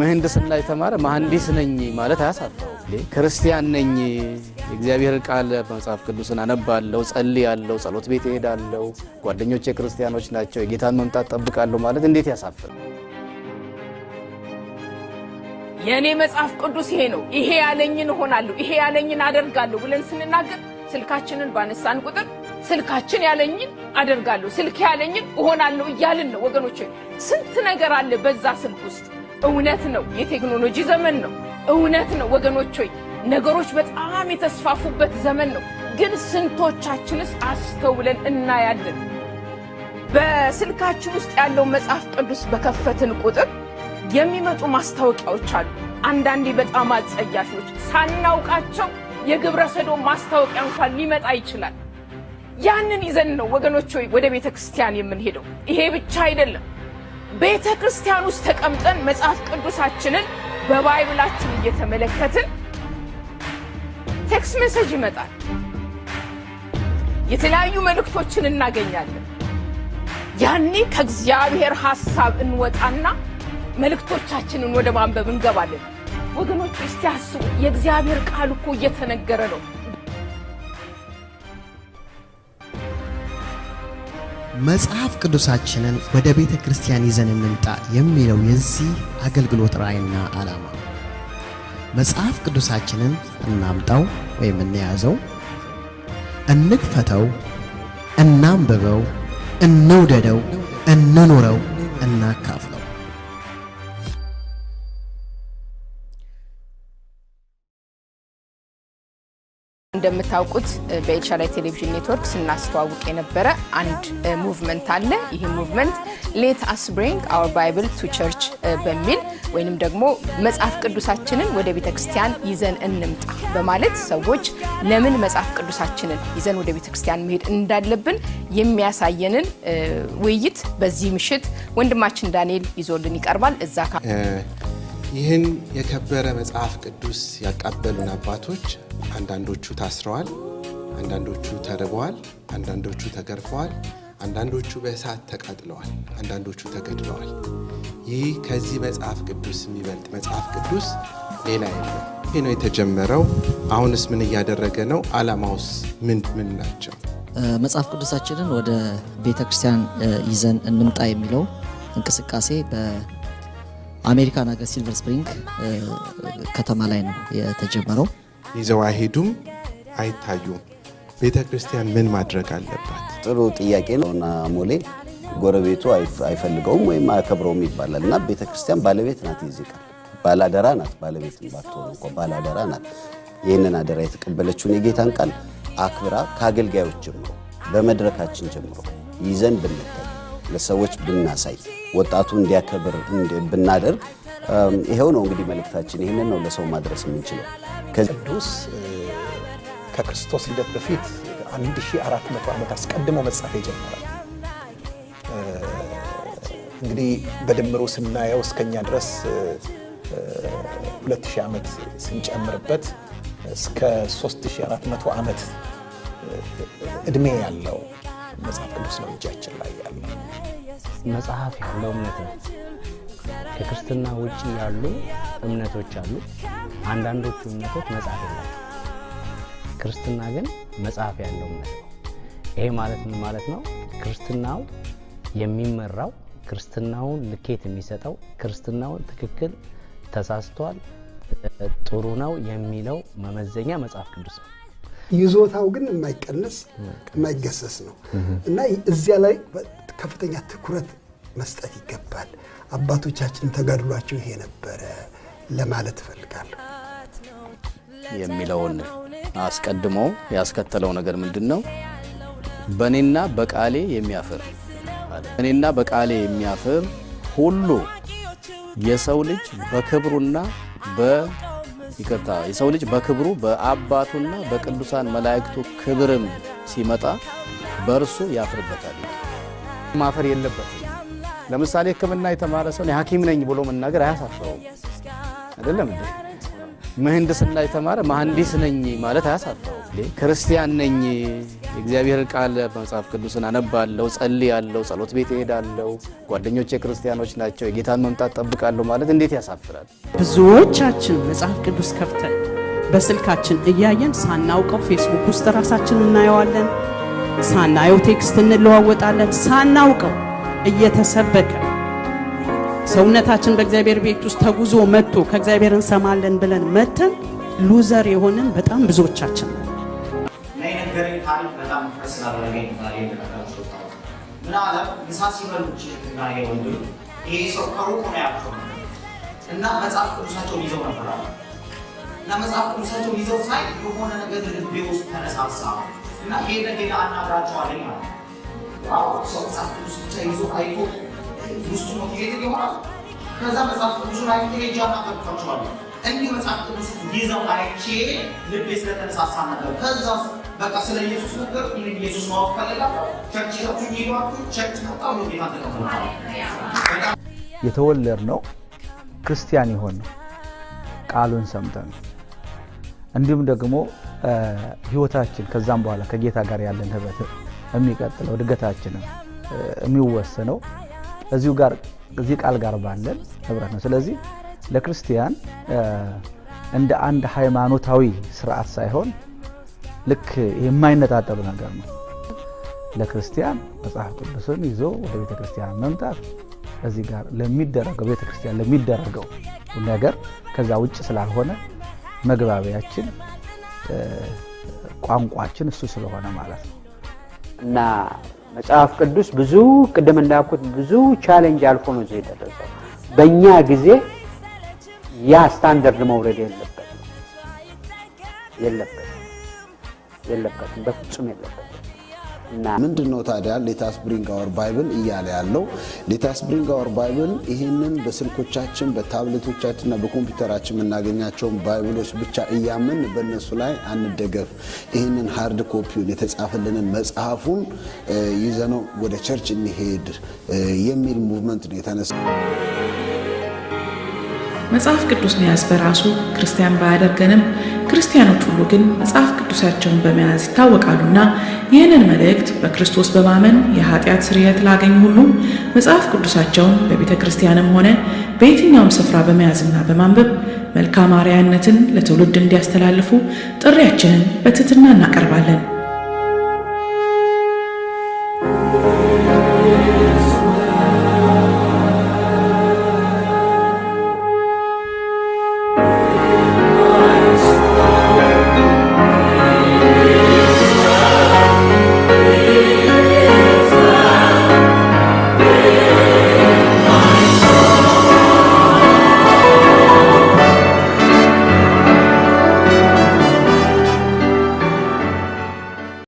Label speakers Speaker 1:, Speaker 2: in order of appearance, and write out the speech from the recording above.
Speaker 1: ምህንድስና የተማረ መሐንዲስ ነኝ ማለት አያሳፍረው። ክርስቲያን ነኝ የእግዚአብሔር ቃል መጽሐፍ ቅዱስን አነባለሁ፣ ጸልያለሁ፣ ጸሎት ቤት እሄዳለሁ፣ ጓደኞቼ ክርስቲያኖች ናቸው፣ የጌታን መምጣት ጠብቃለሁ ማለት እንዴት ያሳፍር?
Speaker 2: የእኔ መጽሐፍ ቅዱስ ይሄ ነው፣ ይሄ ያለኝን እሆናለሁ፣ ይሄ ያለኝን አደርጋለሁ ብለን ስንናገር ስልካችንን ባነሳን ቁጥር ስልካችን ያለኝን አደርጋለሁ፣ ስልክ ያለኝን እሆናለሁ እያልን ነው። ወገኖች ስንት ነገር አለ በዛ ስልክ ውስጥ እውነት ነው። የቴክኖሎጂ ዘመን ነው። እውነት ነው ወገኖች ሆይ ነገሮች በጣም የተስፋፉበት ዘመን ነው። ግን ስንቶቻችንስ አስተውለን እናያለን? በስልካችን ውስጥ ያለው መጽሐፍ ቅዱስ በከፈትን ቁጥር የሚመጡ ማስታወቂያዎች አሉ። አንዳንዴ በጣም አጸያፊዎች፣ ሳናውቃቸው የግብረ ሰዶም ማስታወቂያ እንኳን ሊመጣ ይችላል። ያንን ይዘን ነው ወገኖች ሆይ ወደ ቤተ ክርስቲያን የምንሄደው። ይሄ ብቻ አይደለም። ቤተ ክርስቲያን ውስጥ ተቀምጠን መጽሐፍ ቅዱሳችንን በባይብላችን እየተመለከትን ቴክስት ሜሴጅ ይመጣል። የተለያዩ መልእክቶችን እናገኛለን። ያኔ ከእግዚአብሔር ሐሳብ እንወጣና መልእክቶቻችንን ወደ ማንበብ እንገባለን። ወገኖቹ እስቲ አስቡ፣ የእግዚአብሔር ቃል እኮ እየተነገረ ነው።
Speaker 3: መጽሐፍ ቅዱሳችንን ወደ ቤተ ክርስቲያን ይዘን እንምጣ የሚለው የዚህ አገልግሎት ራእይና ዓላማ መጽሐፍ ቅዱሳችንን እናምጣው ወይም እንያዘው፣ እንክፈተው፣ እናንብበው፣ እንውደደው፣ እንኑረው፣ እናካፍ
Speaker 4: እንደምታውቁት በኤልሻዳይ ቴሌቪዥን ኔትወርክ ስናስተዋውቅ የነበረ አንድ ሙቭመንት አለ። ይህ ሙቭመንት ሌት አስ ብሪንግ አወር ባይብል ቱ ቸርች በሚል ወይንም ደግሞ መጽሐፍ ቅዱሳችንን ወደ ቤተ ክርስቲያን ይዘን እንምጣ በማለት ሰዎች ለምን መጽሐፍ ቅዱሳችንን ይዘን ወደ ቤተ ክርስቲያን መሄድ እንዳለብን የሚያሳየንን ውይይት በዚህ ምሽት ወንድማችን ዳንኤል ይዞልን ይቀርባል። እዛ
Speaker 5: ይህን የከበረ መጽሐፍ ቅዱስ ያቃበሉን አባቶች አንዳንዶቹ ታስረዋል፣ አንዳንዶቹ ተርበዋል፣ አንዳንዶቹ ተገርፈዋል፣ አንዳንዶቹ በእሳት ተቃጥለዋል፣ አንዳንዶቹ ተገድለዋል። ይህ ከዚህ መጽሐፍ ቅዱስ የሚበልጥ መጽሐፍ ቅዱስ ሌላ የለም። ይህ ነው የተጀመረው። አሁንስ ምን እያደረገ ነው? አላማውስ ምን ምን ናቸው?
Speaker 6: መጽሐፍ ቅዱሳችንን ወደ ቤተ ክርስቲያን ይዘን እንምጣ የሚለው እንቅስቃሴ አሜሪካን ሀገር ሲልቨር ስፕሪንግ ከተማ ላይ ነው የተጀመረው።
Speaker 5: አይሄዱም፣ አይታዩም። ቤተ ክርስቲያን ምን ማድረግ አለባት?
Speaker 7: ጥሩ ጥያቄ ነው እና ሞሌ ጎረቤቱ አይፈልገውም ወይም አያከብረውም ይባላል እና ቤተ ክርስቲያን ባለቤት ናት። ይዚቃል ባላደራ ናት። ባለቤት ባትሆን እንኳ ባላደራ ናት። ይህንን አደራ የተቀበለችውን የጌታን ቃል አክብራ ከአገልጋዮች ጀምሮ በመድረካችን ጀምሮ ይዘን ብንታይ ለሰዎች ብናሳይ ወጣቱ እንዲያከብር ብናደርግ፣ ይሄው ነው እንግዲህ መልእክታችን። ይህንን ነው ለሰው ማድረስ የምንችለው።
Speaker 8: ቅዱስ ከክርስቶስ ልደት በፊት 1400 ዓመት አስቀድሞ መጻፍ ይጀምራል። እንግዲህ በድምሩ ስናየው እስከኛ ድረስ 2000 ዓመት ስንጨምርበት እስከ 3400 ዓመት እድሜ ያለው መጽሐፍ ቅዱስ ነው እጃችን ላይ ያለ።
Speaker 9: መጽሐፍ ያለው እምነት ነው። ከክርስትና ውጭ ያሉ እምነቶች አሉ። አንዳንዶቹ እምነቶች መጽሐፍ ያለ ክርስትና ግን መጽሐፍ ያለው እምነት ነው። ይሄ ማለት ምን ማለት ነው? ክርስትናው የሚመራው ክርስትናውን ልኬት የሚሰጠው ክርስትናውን ትክክል ተሳስቷል፣ ጥሩ ነው የሚለው መመዘኛ መጽሐፍ ቅዱስ ነው።
Speaker 10: ይዞታው ግን የማይቀነስ የማይገሰስ ነው እና እዚያ ላይ ከፍተኛ ትኩረት መስጠት ይገባል። አባቶቻችን ተጋድሏቸው ይሄ ነበረ ለማለት እፈልጋለሁ።
Speaker 9: የሚለውን አስቀድሞ ያስከተለው ነገር ምንድን ነው? በእኔና በቃሌ የሚያፍር እኔና በቃሌ የሚያፍር ሁሉ የሰው ልጅ በክብሩና በ ይቅርታ የሰው ልጅ በክብሩ በአባቱና በቅዱሳን መላእክቱ ክብርም ሲመጣ በእርሱ ያፍርበታል።
Speaker 1: ማፈር የለበትም። ለምሳሌ ሕክምና የተማረ ሰው ነኝ ብሎ መናገር አያሳፍረውም። አይደለም ምህንድስና የተማረ መሐንዲስ ነኝ ማለት አያሳፋው። ክርስቲያን ነኝ የእግዚአብሔር ቃል መጽሐፍ ቅዱስን አነባለሁ፣ ጸልያለሁ፣ ጸሎት ቤት እሄዳለሁ፣ ጓደኞቼ ክርስቲያኖች ናቸው፣ የጌታን መምጣት ጠብቃለሁ ማለት እንዴት ያሳፍራል?
Speaker 2: ብዙዎቻችን መጽሐፍ ቅዱስ ከፍተን በስልካችን እያየን ሳናውቀው ፌስቡክ ውስጥ ራሳችን እናየዋለን፣ ሳናየው ቴክስት እንለዋወጣለን፣ ሳናውቀው እየተሰበከ ሰውነታችን በእግዚአብሔር ቤት ውስጥ ተጉዞ መጥቶ ከእግዚአብሔር እንሰማለን ብለን መተን ሉዘር የሆንን በጣም ብዙዎቻችን ነው።
Speaker 11: እና መጽሐፍ ቅዱሳቸውን ይዘው ነበር እና መጽሐፍ ቅዱሳቸውን ይዘው ሳይ የሆነ ነገር ልቤ ውስጥ ተነሳሳ እና ይሄ ነገር አናግራቸዋለኝ ማለት ሰው መጽሐፍ ቅዱስ ብቻ ይዞ አይቶ ውስጡ ነው ትሄድ ይሆናል። ከዛ መጽሐፍ ቅዱስ ላይ ሄጄ አናገርኳቸዋለሁ። እንዲሁ መጽሐፍ ቅዱስ ይዘው አይቼ ልቤ ስለተነሳሳ ነበር። ከዛ በቃ ስለ ኢየሱስ ነገር ይህን ኢየሱስ ማወቅ ፈለጋለሁ። ቸርች ሰቱኝ ይሏሉ። ቸርች መጣሁ ጌታ ተቀበልኩ።
Speaker 3: የተወለድነው ክርስቲያን የሆነው ቃሉን ሰምተን እንዲሁም ደግሞ ህይወታችን ከዛም በኋላ ከጌታ ጋር ያለን ህብረት የሚቀጥለው እድገታችንም የሚወሰነው እዚሁ ጋር እዚህ ቃል ጋር ባለን ህብረት ነው። ስለዚህ ለክርስቲያን እንደ አንድ ሃይማኖታዊ ስርዓት ሳይሆን ልክ የማይነጣጠሉ ነገር ነው። ለክርስቲያን መጽሐፍ ቅዱስን ይዞ ወደ ቤተ ክርስቲያን መምጣት እዚህ ጋር ለሚደረገው ቤተ ክርስቲያን ለሚደረገው ነገር ከዛ ውጭ ስላልሆነ መግባቢያችን ቋንቋችን እሱ ስለሆነ ማለት ነው
Speaker 9: እና መጽሐፍ ቅዱስ ብዙ ቅድም እንዳልኩት ብዙ ቻሌንጅ አልፎ ነው እዚህ የደረሰው። በእኛ ጊዜ ያ ስታንደርድ መውረድ የለበት የለበት የለበትም በፍጹም የለበት።
Speaker 12: ምንድን ነው ታዲያ ሌታስ ብሪንግ አወር ባይብል እያለ ያለው? ሌታስ ብሪንግ አወር ባይብል ይህንን በስልኮቻችን በታብሌቶቻችንና በኮምፒውተራችን የምናገኛቸውን ባይብሎች ብቻ እያምን በእነሱ ላይ አንደገፍ። ይህንን ሀርድ ኮፒውን የተጻፈልንን መጽሐፉን ይዘነው ወደ ቸርች እንሄድ የሚል ሙቭመንት ነው የተነሳ
Speaker 4: መጽሐፍ ቅዱስ መያዝ በራሱ ክርስቲያን ባያደርገንም ክርስቲያኖች ሁሉ ግን መጽሐፍ ቅዱሳቸውን በመያዝ ይታወቃሉና ይህንን መልእክት በክርስቶስ በማመን የኃጢአት ስርየት ላገኙ ሁሉ መጽሐፍ ቅዱሳቸውን በቤተ ክርስቲያንም ሆነ በየትኛውም ስፍራ በመያዝና በማንበብ መልካም አርአያነትን ለትውልድ እንዲያስተላልፉ ጥሪያችንን በትህትና እናቀርባለን።